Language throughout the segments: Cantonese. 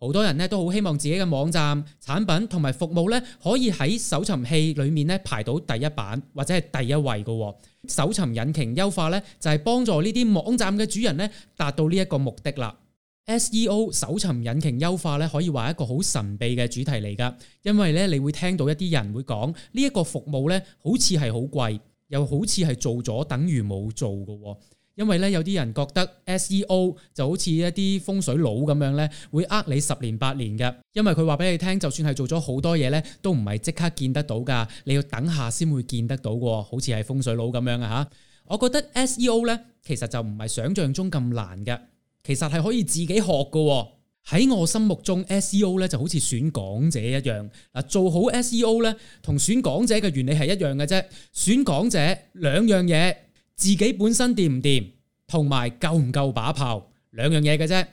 好多人咧都好希望自己嘅網站、產品同埋服務咧，可以喺搜尋器裏面咧排到第一版或者係第一位㗎喎。搜尋引擎優化咧就係幫助呢啲網站嘅主人咧達到呢一個目的啦。SEO 搜尋引擎優化咧可以話一個好神秘嘅主題嚟噶，因為咧你會聽到一啲人會講呢一個服務咧好似係好貴，又好似係做咗等於冇做㗎喎。因為咧，有啲人覺得 SEO 就好似一啲風水佬咁樣呢，會呃你十年八年嘅。因為佢話俾你聽，就算係做咗好多嘢呢，都唔係即刻見得到噶，你要等下先會見得到。好似係風水佬咁樣啊吓。我覺得 SEO 呢，其實就唔係想象中咁難嘅，其實係可以自己學噶喎。喺我心目中，SEO 呢就好似選講者一樣。嗱，做好 SEO 呢，同選講者嘅原理係一樣嘅啫。選講者兩樣嘢，自己本身掂唔掂？同埋夠唔夠把炮，兩樣嘢嘅啫。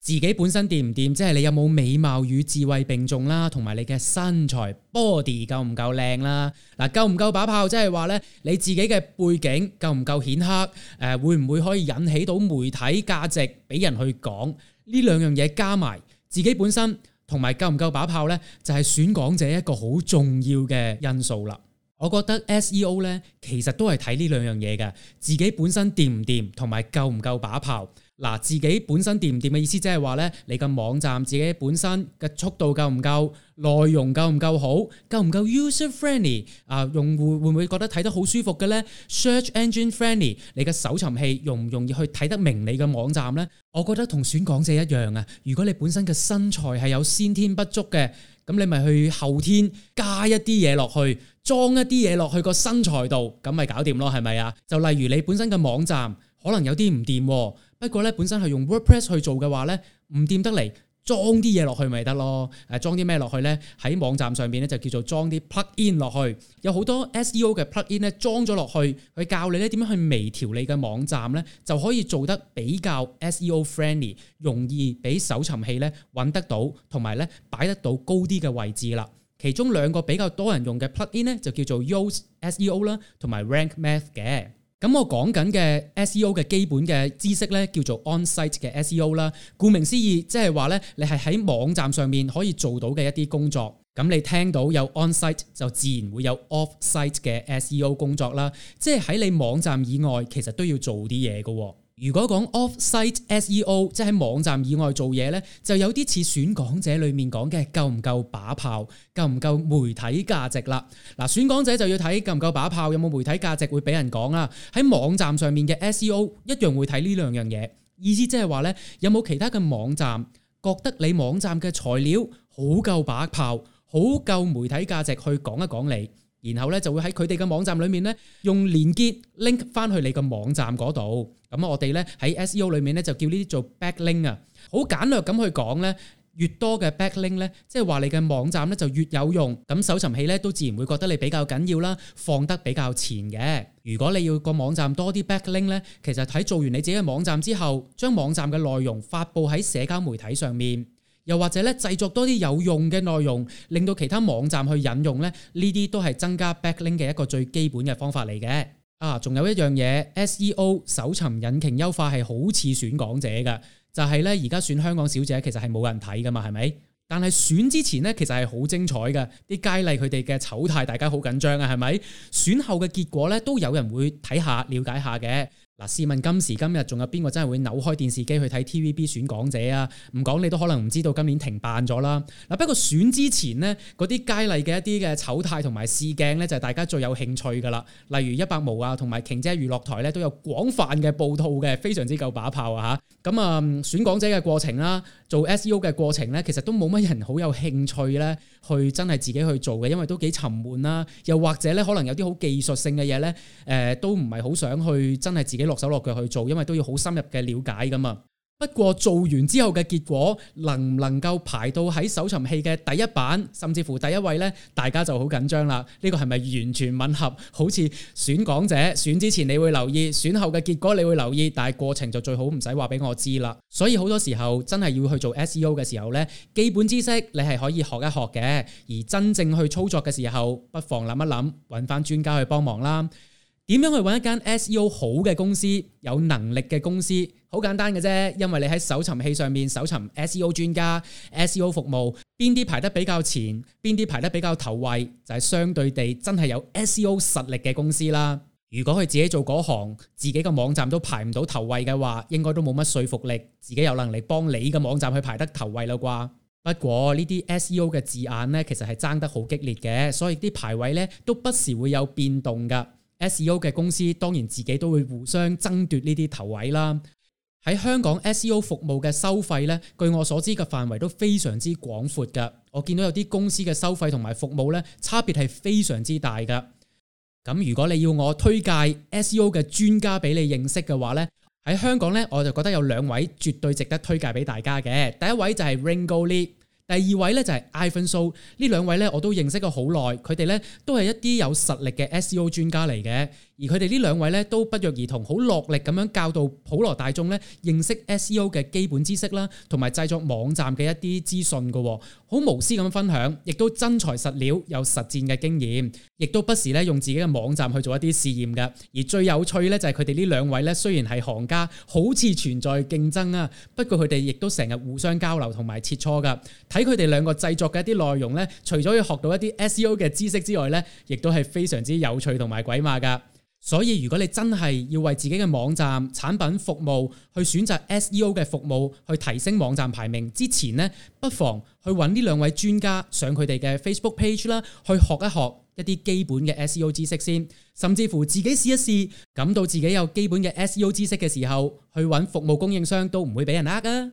自己本身掂唔掂，即係你有冇美貌與智慧並重啦，同埋你嘅身材 body 夠唔夠靚啦。嗱、啊，夠唔夠把炮，即係話呢，你自己嘅背景夠唔夠顯赫，誒、呃，會唔會可以引起到媒體價值俾人去講？呢兩樣嘢加埋自己本身同埋夠唔夠把炮呢，就係、是、選港姐一個好重要嘅因素啦。我覺得 SEO 咧，其實都係睇呢兩樣嘢嘅，自己本身掂唔掂，同埋夠唔夠把炮。嗱，自己本身掂唔掂嘅意思，即係話咧，你嘅網站自己本身嘅速度夠唔夠，內容夠唔夠好，夠唔夠 user friendly 啊？用戶會唔會覺得睇得好舒服嘅咧？Search engine friendly，你嘅搜尋器容唔容易去睇得明你嘅網站咧？我覺得同選港姐一樣啊，如果你本身嘅身材係有先天不足嘅，咁你咪去後天加一啲嘢落去。裝一啲嘢落去個身材度，咁咪搞掂咯，係咪啊？就例如你本身嘅網站可能有啲唔掂，不過咧本身係用 WordPress 去做嘅話咧，唔掂得嚟，裝啲嘢落去咪得咯。誒、啊，裝啲咩落去咧？喺網站上邊咧就叫做裝啲 plugin 落去，有好多 SEO 嘅 plugin 咧裝咗落去，去教你咧點樣去微調你嘅網站咧，就可以做得比較 SEO friendly，容易俾搜尋器咧揾得到，同埋咧擺得到高啲嘅位置啦。其中兩個比較多人用嘅 plugin 咧，就叫做 Yoast SEO 啦，同埋 Rank Math 嘅。咁我講緊嘅 SEO 嘅基本嘅知識咧，叫做 on site 嘅 SEO 啦。顧名思義，即係話咧，你係喺網站上面可以做到嘅一啲工作。咁你聽到有 on site，就自然會有 off site 嘅 SEO 工作啦。即係喺你網站以外，其實都要做啲嘢㗎。如果講 off-site SEO，即係喺網站以外做嘢呢，就有啲似選港姐裏面講嘅，夠唔夠把炮，夠唔夠媒體價值啦？嗱，選港姐就要睇夠唔夠把炮，有冇媒體價值會俾人講啊？喺網站上面嘅 SEO 一樣會睇呢兩樣嘢，意思即係話呢，有冇其他嘅網站覺得你網站嘅材料好夠把炮，好夠媒體價值去講一講你，然後呢就會喺佢哋嘅網站裏面呢，用鏈接 link 翻去你嘅網站嗰度。咁我哋咧喺 SEO 裏面咧就叫呢啲做 backlink 啊，好簡略咁去講咧，越多嘅 backlink 咧，即係話你嘅網站咧就越有用，咁搜尋器咧都自然會覺得你比較緊要啦，放得比較前嘅。如果你要個網站多啲 backlink 咧，其實喺做完你自己嘅網站之後，將網站嘅內容發布喺社交媒體上面，又或者咧製作多啲有用嘅內容，令到其他網站去引用咧，呢啲都係增加 backlink 嘅一個最基本嘅方法嚟嘅。啊，仲有一樣嘢，SEO 搜尋引擎優化係好似選港姐㗎，就係呢，而家選香港小姐其實係冇人睇噶嘛，係咪？但係選之前呢，其實係好精彩㗎，啲佳麗佢哋嘅醜態，大家好緊張啊，係咪？選後嘅結果呢，都有人會睇下、了解下嘅。嗱，試問今時今日仲有邊個真係會扭開電視機去睇 TVB 選港姐啊？唔講你都可能唔知道今年停辦咗啦。嗱，啊，不過選之前呢，嗰啲佳麗嘅一啲嘅醜態同埋試鏡呢，就係、是、大家最有興趣噶啦。例如一百毛啊，同埋瓊姐娛樂台呢，都有廣泛嘅報導嘅，非常之夠把炮啊吓。咁啊，選港姐嘅過程啦，啊，做 SEO 嘅過程呢，其實都冇乜人好有興趣呢，去真係自己去做嘅，因為都幾沉悶啦。又或者呢，可能有啲好技術性嘅嘢呢，誒、呃，都唔係好想去真係自己。你落手落腳去做，因為都要好深入嘅了解噶嘛。不過做完之後嘅結果能唔能夠排到喺搜尋器嘅第一版，甚至乎第一位呢？大家就好緊張啦。呢個係咪完全吻合？好似選港者選之前你會留意，選後嘅結果你會留意，但係過程就最好唔使話俾我知啦。所以好多時候真係要去做 SEO 嘅時候呢，基本知識你係可以學一學嘅，而真正去操作嘅時候，不妨諗一諗，搵翻專家去幫忙啦。點樣去揾一間 SEO 好嘅公司？有能力嘅公司好簡單嘅啫，因為你喺搜尋器上面搜尋 SEO 專家、SEO 服務，邊啲排得比較前，邊啲排得比較頭位，就係相對地真係有 SEO 實力嘅公司啦。如果佢自己做嗰行，自己個網站都排唔到頭位嘅話，應該都冇乜說服力，自己有能力幫你個網站去排得頭位啦啩。不過呢啲 SEO 嘅字眼呢，其實係爭得好激烈嘅，所以啲排位呢，都不時會有變動噶。SEO 嘅公司當然自己都會互相爭奪呢啲頭位啦。喺香港 SEO 服務嘅收費咧，據我所知嘅範圍都非常之廣闊噶。我見到有啲公司嘅收費同埋服務咧，差別係非常之大噶。咁如果你要我推介 SEO 嘅專家俾你認識嘅話咧，喺香港咧，我就覺得有兩位絕對值得推介俾大家嘅。第一位就係 Ringo Lee。第二位咧就係 Ivan So，呢兩位咧我都認識咗好耐，佢哋咧都係一啲有實力嘅 SEO 專家嚟嘅，而佢哋呢兩位咧都不約而同，好落力咁樣教導普羅大眾咧認識 SEO 嘅基本知識啦，同埋製作網站嘅一啲資訊嘅，好無私咁分享，亦都真材實料有實戰嘅經驗，亦都不時咧用自己嘅網站去做一啲試驗嘅。而最有趣咧就係佢哋呢兩位咧雖然係行家，好似存在競爭啊，不過佢哋亦都成日互相交流同埋切磋噶，睇俾佢哋兩個製作嘅一啲內容咧，除咗要學到一啲 SEO 嘅知識之外咧，亦都係非常之有趣同埋鬼馬噶。所以如果你真係要為自己嘅網站、產品、服務去選擇 SEO 嘅服務去提升網站排名之前呢，不妨去搵呢兩位專家上佢哋嘅 Facebook page 啦，去學一學一啲基本嘅 SEO 知識先，甚至乎自己試一試，感到自己有基本嘅 SEO 知識嘅時候，去搵服務供應商都唔會俾人呃㗎。